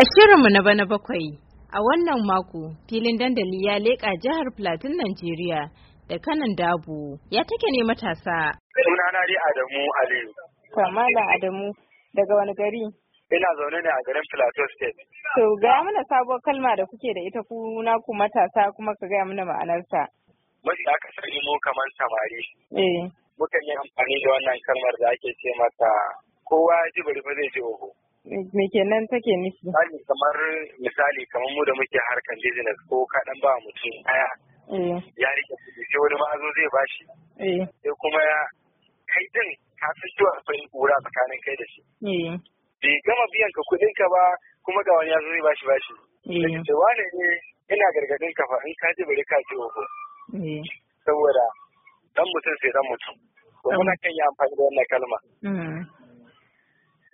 A shirinmu na bana bakwai, a wannan mako filin dandali ya leƙa jihar Platin Najeriya da kanan dabu ya take ne matasa. Sunana dai Adamu Aliyu. Kamala Adamu daga wani gari? Ina zaune ne a garin Plateau State. To ga mana sabuwar kalma da kuke da ita ku naku matasa kuma ka gaya mana ma'anarsa. Mafi akasar mu kamar samari. Eh. Mukan yi amfani da wannan kalmar da ake ce mata kowa ya ji bari ba zai ji oho. me kenan take nufi misali kamar misali kamar mu da muke harkan business ko kaɗan ba mutum aya eh. ya rike kuɗi sai wani ma zo zai bashi eh. sai kuma ya kai din ka san cewa akwai kura tsakanin kai da shi eh. bai gama biyan ka kuɗin ka ba kuma ga wani ya zo zai bashi bashi da wane ne ina gargadin ka fa in ka ji bari ka ji ogo saboda dan mutum sai dan mutum ko kuma kan yi amfani da wannan kalma mm.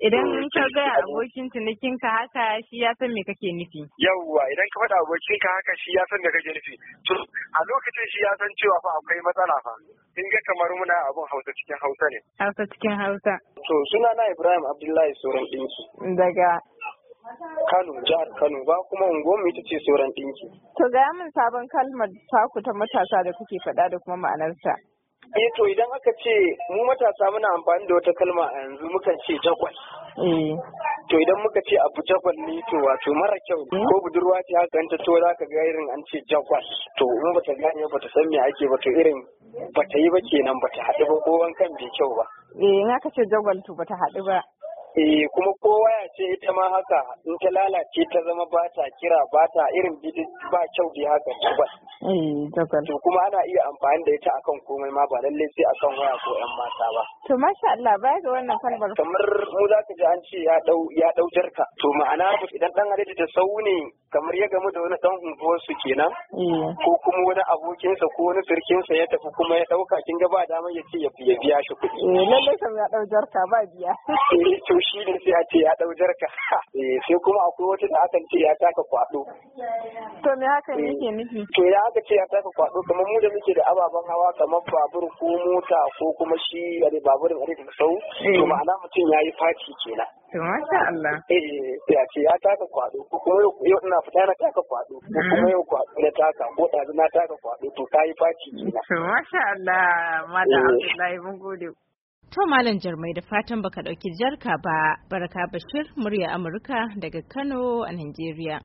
Idan ka ga abokin ka haka shi ya san me kake nufi. Yawwa idan ka faɗa abokinka haka shi ya san me kake nufi. To a lokacin shi ya san cewa fa akwai matsala fa. In ga kamar muna abun Hausa cikin Hausa ne. Hausa cikin Hausa. To suna na Ibrahim Abdullahi Soran Dinki. Daga Kano, jihar Kano, ba kuma unguwarmu ita ce sauran dinki. To gaya min sabon kalmar taku ta matasa da kuke faɗa da kuma ma'anarta. eh to idan aka ce mu matasa muna amfani da wata kalma a yanzu mukan ce jagwal eh. to idan muka ce abu jagwal ne to wato mara kyau hmm? ko budurwa ce haka ta to za ka ga irin an ce jagwal to in bata gane bata san me ake ba to irin bata yi ba kenan bata haɗu ba ko wankan bai kyau ba eh in aka ce jagwal to bata haɗu ba Eh kuma ko waya ce ita ma haka in ta lalace ta zama ba ta kira ba ta irin ba kyau dai haka tabbas. Eh, to kuma ana iya amfani da ita akan komai ma ba lalle sai akan waya ko yan mata ba. To masha Allah baya ga wannan kalmar. Kamar mu za ka ji an ce ya dau ya dau jarka. To ma'ana idan dan adadi ta sau ne kamar ya gamu da wani dan unguwarsu kenan. Eh. Ko kuma wani abokinsa ko wani sirkinsa ya tafi kuma ya dauka kin ga ba damar ya ce ya biya shi kuɗi. Eh lalle kam ya dau jarka ba biya. Eh, shi ne sai a ce ya ɗau jarka eh, sai kuma akwai wata da aka ce ya taka kwaɗo. To me haka yake nufi? To ya aka ce ya taka kwaɗo kamar mu da muke da ababen hawa kamar babur ko mota ko kuma shi eh, babur da sau to ma'ana mutum ya yi faci kenan. To masha Allah. Eh ya ce ya taka kwaɗo ko kuma yau ina fita na taka kwaɗo ko kuma mm. yau kwaɗo na taka ko ɗazu na taka kwaɗo to ka yi faci kenan. To masha Allah mata eh. Abdullahi mun gode. To Malam Jarmai da fatan baka ɗauki jarka ba, Baraka Bashir, murya Amurka daga Kano a Najeriya.